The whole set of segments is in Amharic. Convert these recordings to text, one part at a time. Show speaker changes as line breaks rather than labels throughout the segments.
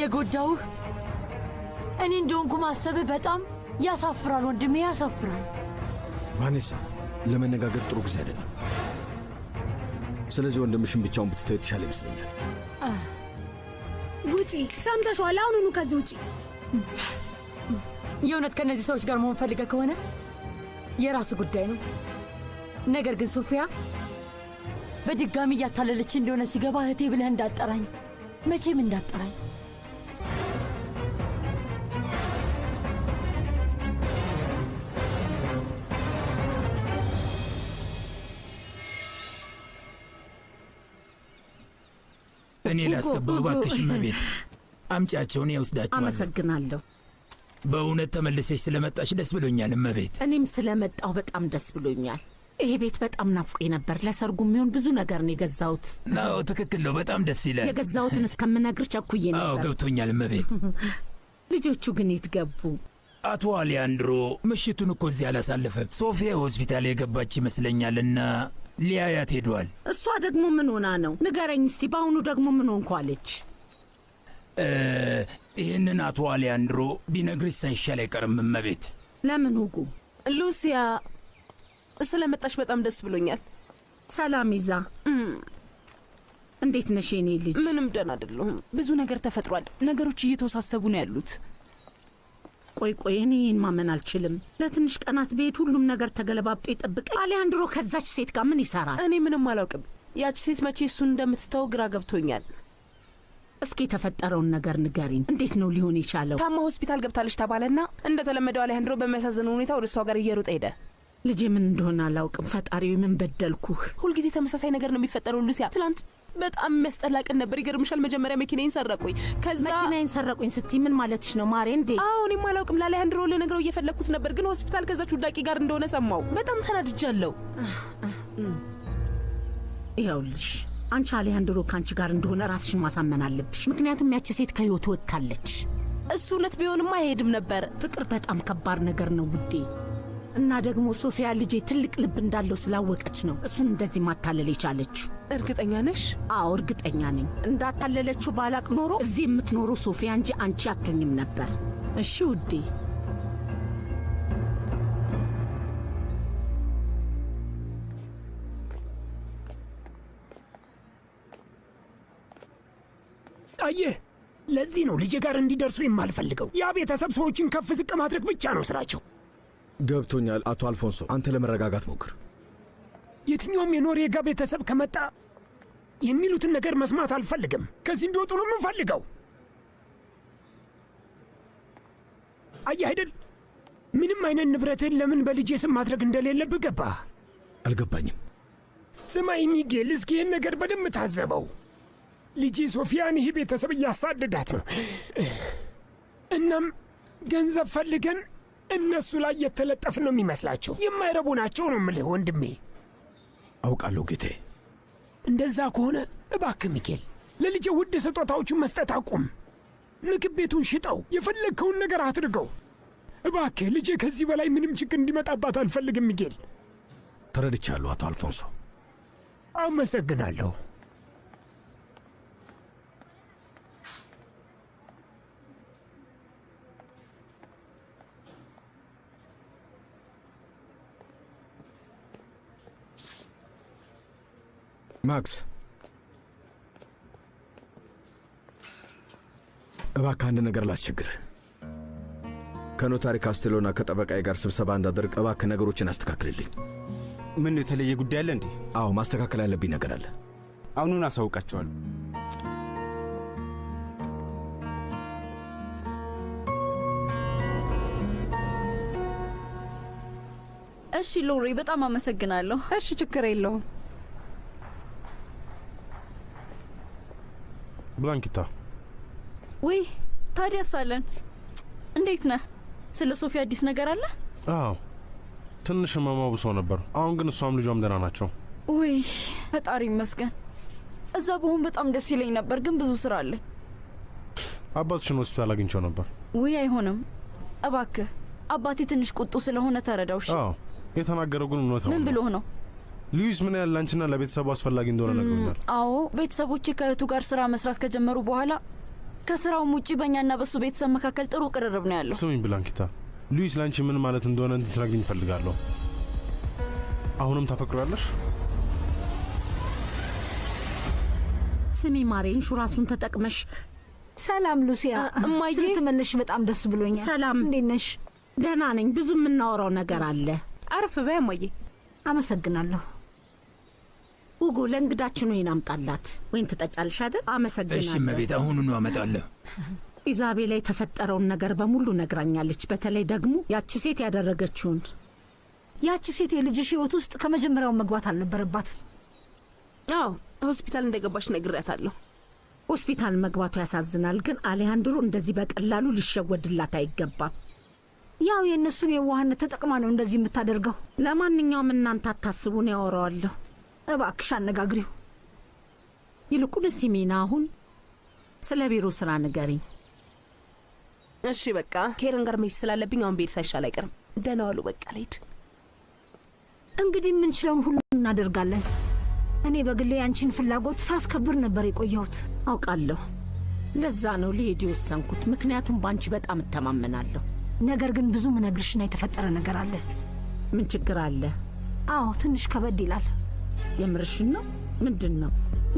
የጎዳውህ እኔ እንደሆንኩ ማሰብህ በጣም ያሳፍራል ወንድሜ፣ ያሳፍራል።
ቫኔሳ፣ ለመነጋገር ጥሩ ጊዜ አይደለም። ስለዚህ ወንድምሽን ብቻውን ብትተው የተሻለ ይመስለኛል።
ውጪ! ሰምተሽዋል? አሁኑኑ ከዚህ ውጪ! የእውነት ከእነዚህ ሰዎች ጋር መሆን ፈልገህ ከሆነ የራስ ጉዳይ ነው። ነገር ግን ሶፊያ በድጋሚ እያታለለች እንደሆነ ሲገባ እህቴ ብለህ እንዳጠራኝ መቼም እንዳጠራኝ
እኔ ላስገባው እባክሽ እመቤት፣ አምጫቸው
አመሰግናለሁ።
በእውነት ተመልሰሽ ስለመጣሽ ደስ ብሎኛል እመቤት።
እኔም ስለመጣው በጣም ደስ ብሎኛል። ይሄ ቤት በጣም ናፍቆ ነበር። ለሰርጉ የሚሆን ብዙ ነገር ነው የገዛሁት።
አዎ ትክክል ነው። በጣም ደስ ይላል።
የገዛሁትን እስከምነግር ቸኩዬ
ነበር። አዎ ገብቶኛል እመቤት።
ልጆቹ ግን የት ገቡ?
አቶ አሊያንድሮ ምሽቱን እኮ እዚህ አላሳለፈም። ሶፊያ ሆስፒታል የገባች ይመስለኛልና ሊያያት ሄደዋል።
እሷ ደግሞ ምን ሆና ነው? ንገረኝ እስቲ። በአሁኑ ደግሞ ምን ሆንኳለች?
ይህንን አቶ አሊያንድሮ ቢነግርሽ ሳይሻል አይቀርም እመቤት።
ለምን ሁጉ?
ሉሲያ ስለመጣሽ በጣም ደስ ብሎኛል።
ሰላም ይዛ እንዴት ነሽ የኔ ልጅ?
ምንም ደህና አይደለሁም። ብዙ ነገር ተፈጥሯል። ነገሮች እየተወሳሰቡ ነው ያሉት።
ቆይ ቆይ፣ እኔ ይህን ማመን አልችልም። ለትንሽ ቀናት ቤት ሁሉም ነገር ተገለባብጦ ይጠብቀኝ። አሊያንድሮ ከዛች ሴት ጋር ምን ይሰራል?
እኔ ምንም አላውቅም። ያች ሴት መቼ እሱን እንደምትተው ግራ ገብቶኛል።
እስኪ የተፈጠረውን ነገር ንገሪን። እንዴት ነው ሊሆን የቻለው?
ታማ ሆስፒታል ገብታለች ተባለና እንደተለመደው አሊያንድሮ በሚያሳዝን ሁኔታ ወደ እሷ ጋር እየሮጠ ሄደ።
ልጄ ምን እንደሆነ አላውቅም። ፈጣሪ ምን በደልኩህ?
ሁልጊዜ ተመሳሳይ ነገር ነው የሚፈጠረው ሉሲያ። ትላንት በጣም የሚያስጠላ ቀን ነበር። ይገርምሻል፣ መጀመሪያ መኪናዬን ሰረቁኝ።
ከዛ መኪናዬን ሰረቁኝ ስትይ ምን ማለትሽ ነው ማሬ? እንዴ!
አዎ እኔም አላውቅም። አንድሮ ልነግረው እየፈለግኩት ነበር፣ ግን ሆስፒታል ከዛ ቹዳቂ ጋር እንደሆነ ሰማው። በጣም ተናድጃለሁ።
ይኸውልሽ አንቺ አሌሃንድሮ ከአንቺ ጋር እንደሆነ ራስሽን ማሳመን አለብሽ። ምክንያቱም ያቺ ሴት ከህይወት ወጥታለች።
እሱ እውነት አይሄድም ነበር።
ፍቅር በጣም ከባድ ነገር ነው ውዴ። እና ደግሞ ሶፊያ ልጄ ትልቅ ልብ እንዳለው ስላወቀች ነው እሱን እንደዚህ ማታለል የቻለችው።
እርግጠኛ ነሽ?
አዎ እርግጠኛ ነኝ። እንዳታለለችው ባላቅ ኖሮ እዚህ የምትኖረው ሶፊያ እንጂ አንቺ አቶኝም ነበር። እሺ ውዴ።
አየህ፣ ለዚህ ነው ልጄ ጋር እንዲደርሱ የማልፈልገው። ያ ቤተሰብ ሰዎችን ከፍ ዝቅ ማድረግ ብቻ ነው ስራቸው።
ገብቶኛል አቶ አልፎንሶ፣ አንተ ለመረጋጋት ሞክር።
የትኛውም የጋ ቤተሰብ ከመጣ የሚሉትን ነገር መስማት አልፈልግም። ከዚህ እንዲወጡ ነው የምንፈልገው። አየህ አይደል፣ ምንም አይነት ንብረትህን ለምን በልጄ ስም ማድረግ እንደሌለብህ ገባ? አልገባኝም። ስማይ ሚጌል፣ እስኪ ይህን ነገር በደንብ ታዘበው። ልጄ ሶፊያን ይህ ቤተሰብ እያሳደዳት ነው። እናም ገንዘብ ፈልገን እነሱ ላይ የተለጠፍ ነው የሚመስላቸው። የማይረቡ ናቸው ነው ምልህ ወንድሜ። አውቃለሁ ጌቴ። እንደዛ ከሆነ እባክ ሚኬል ለልጄ ውድ ስጦታዎቹን መስጠት አቁም። ምግብ ቤቱን ሽጠው፣ የፈለግከውን ነገር አድርገው። እባክህ ልጄ ከዚህ በላይ ምንም ችግር እንዲመጣባት አልፈልግም ሚጌል
ተረድቻለሁ አቶ አልፎንሶ።
አመሰግናለሁ።
ማክስ እባክህ አንድ ነገር ላስቸግር። ከኖታሪ ካስቴሎና ከጠበቃዬ ጋር ስብሰባ እንዳደርግ እባክህ ነገሮችን አስተካክልልኝ።
ምን የተለየ ጉዳይ አለ እንዴ?
አዎ ማስተካከል ያለብኝ ነገር አለ።
አሁኑን አሳውቃቸዋለሁ።
እሺ ሎሪ፣ በጣም አመሰግናለሁ።
እሺ ችግር የለውም።
ብላንኪታ
ውይ ታዲያ አለን እንዴት ነህ ስለ ሶፊ አዲስ ነገር አለ
አዎ ትንሽ ህመማ ብሶ ነበር አሁን ግን እሷም ልጇም ደህና ናቸው
ውይ ፈጣሪ ይመስገን እዛ በሆን በጣም ደስ ይለኝ ነበር ግን ብዙ ስራ አለኝ
አባትሽን ሆስፒታል አግኝቸው ነበር
ውይ አይሆንም እባክህ አባቴ ትንሽ ቁጡ ስለሆነ ተረዳውሽ
የተናገረው ግን እውነት ምን ብሎ ነው ሉዊስ ምን ያህል ላንችና ለቤተሰቡ አስፈላጊ እንደሆነ ነግሮኛል።
አዎ ቤተሰቦች ከእህቱ ጋር ስራ መስራት ከጀመሩ በኋላ ከስራውም ውጪ በእኛና በሱ ቤተሰብ መካከል ጥሩ ቅርርብ ነው ያለው።
ስሙኝ ብላንኪታ፣ ሉዊስ ለአንቺ ምን ማለት እንደሆነ እንትነግሪኝ እፈልጋለሁ። አሁንም ታፈቅሪዋለሽ?
ስሚ ማሬ፣ ኢንሹራንሱን ተጠቅመሽ።
ሰላም ሉሲያ፣ እማዬ ስለተመለሽ በጣም ደስ ብሎኛል። ሰላም፣ እንዴት ነሽ?
ደህና ነኝ። ብዙ የምናወራው ነገር አለ።
አርፍ በይ እማዬ።
አመሰግናለሁ። ሁጎ ለእንግዳችን ወይን አምጣላት። ወይን ትጠጫልሽ አይደል?
አመሰግናለሁ።
እሺ እመቤት፣ አሁኑኑ አመጣለሁ።
ኢዛቤላ የተፈጠረውን ነገር በሙሉ ነግራኛለች። በተለይ ደግሞ ያቺ ሴት ያደረገችውን።
ያቺ ሴት የልጅሽ ሕይወት ውስጥ ከመጀመሪያው መግባት አልነበረባትም።
አዎ ሆስፒታል እንደገባች ነግሬያታለሁ።
ሆስፒታል መግባቱ ያሳዝናል፣ ግን አሊያንድሮ እንደዚህ በቀላሉ ሊሸወድላት አይገባም።
ያው የእነሱን የዋህነት ተጠቅማ ነው እንደዚህ የምታደርገው።
ለማንኛውም እናንተ አታስቡን፣ ያወራዋለሁ
እባክሽ አነጋግሪው።
ይልቁንስ ሚና አሁን ስለ ቢሮ ስራ ንገሪኝ።
እሺ በቃ
ኬረን ጋር መሄድ ስላለብኝ አሁን ቤድ ሳይሻል አይቀርም። ደህና ዋሉ። በቃ ልሂድ።
እንግዲህ የምንችለውን ሁሉ እናደርጋለን። እኔ በግሌ አንቺን ፍላጎት ሳስከብር ነበር የቆየሁት። አውቃለሁ። ለዛ ነው ልሄድ የወሰንኩት፣ ምክንያቱም በአንቺ በጣም እተማመናለሁ።
ነገር ግን ብዙ ምነግርሽና የተፈጠረ ነገር አለ።
ምን ችግር አለ?
አዎ ትንሽ ከበድ ይላል።
የምርሽን ነው? ምንድን ነው?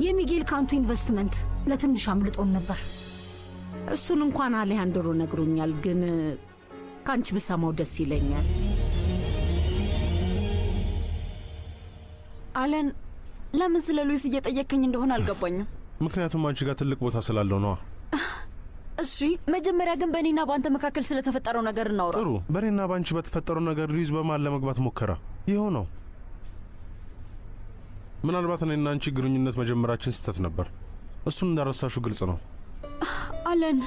የሚጌል ካንቱ ኢንቨስትመንት ለትንሽ አምልጦን ነበር።
እሱን እንኳን አሌሃንድሮ ነግሮኛል፣ ግን ከአንቺ ብሰማው ደስ ይለኛል።
አለን፣ ለምን ስለ ሉዊስ እየጠየከኝ እንደሆነ አልገባኝም።
ምክንያቱም አንቺ ጋር ትልቅ ቦታ ስላለው ነዋ።
እሺ መጀመሪያ ግን በእኔና በአንተ መካከል ስለተፈጠረው ነገር እናውራ።
ጥሩ። በእኔና በአንቺ በተፈጠረው ነገር ሉዊዝ በማን ለመግባት ሞከረ? ይኸው ነው ምናልባት እኔና አንቺ ግንኙነት መጀመራችን ስህተት ነበር። እሱን እንዳረሳሹ ግልጽ ነው።
አለን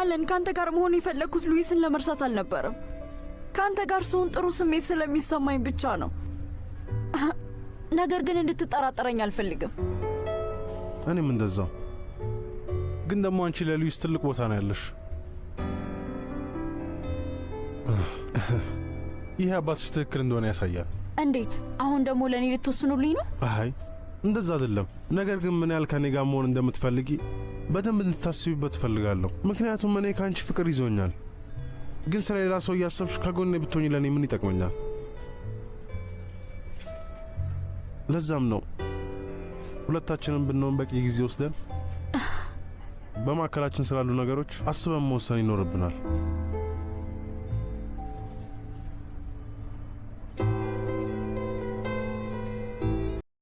አለን፣ ከአንተ ጋር መሆን የፈለግኩት ሉዊስን ለመርሳት አልነበረም። ከአንተ ጋር ሰውን ጥሩ ስሜት ስለሚሰማኝ ብቻ ነው። ነገር ግን እንድትጠራጠረኝ አልፈልግም።
እኔም እንደዛው። ግን ደግሞ አንቺ ለሉዊስ ትልቅ ቦታ ነው ያለሽ። ይህ አባትሽ ትክክል እንደሆነ ያሳያል።
እንዴት? አሁን ደግሞ ለእኔ ልትወስኑልኝ ነው?
አይ እንደዛ አይደለም። ነገር ግን ምን ያህል ከኔ ጋር መሆን እንደምትፈልጊ በደንብ እንድታስቢበት እፈልጋለሁ። ምክንያቱም እኔ ከአንቺ ፍቅር ይዞኛል፣ ግን ስለ ሌላ ሰው እያሰብሽ ከጎኔ ብትሆኝ ለእኔ ምን ይጠቅመኛል? ለዛም ነው ሁለታችንም ብንሆን በቂ ጊዜ ወስደን በማዕከላችን ስላሉ ነገሮች አስበን መወሰን ይኖርብናል።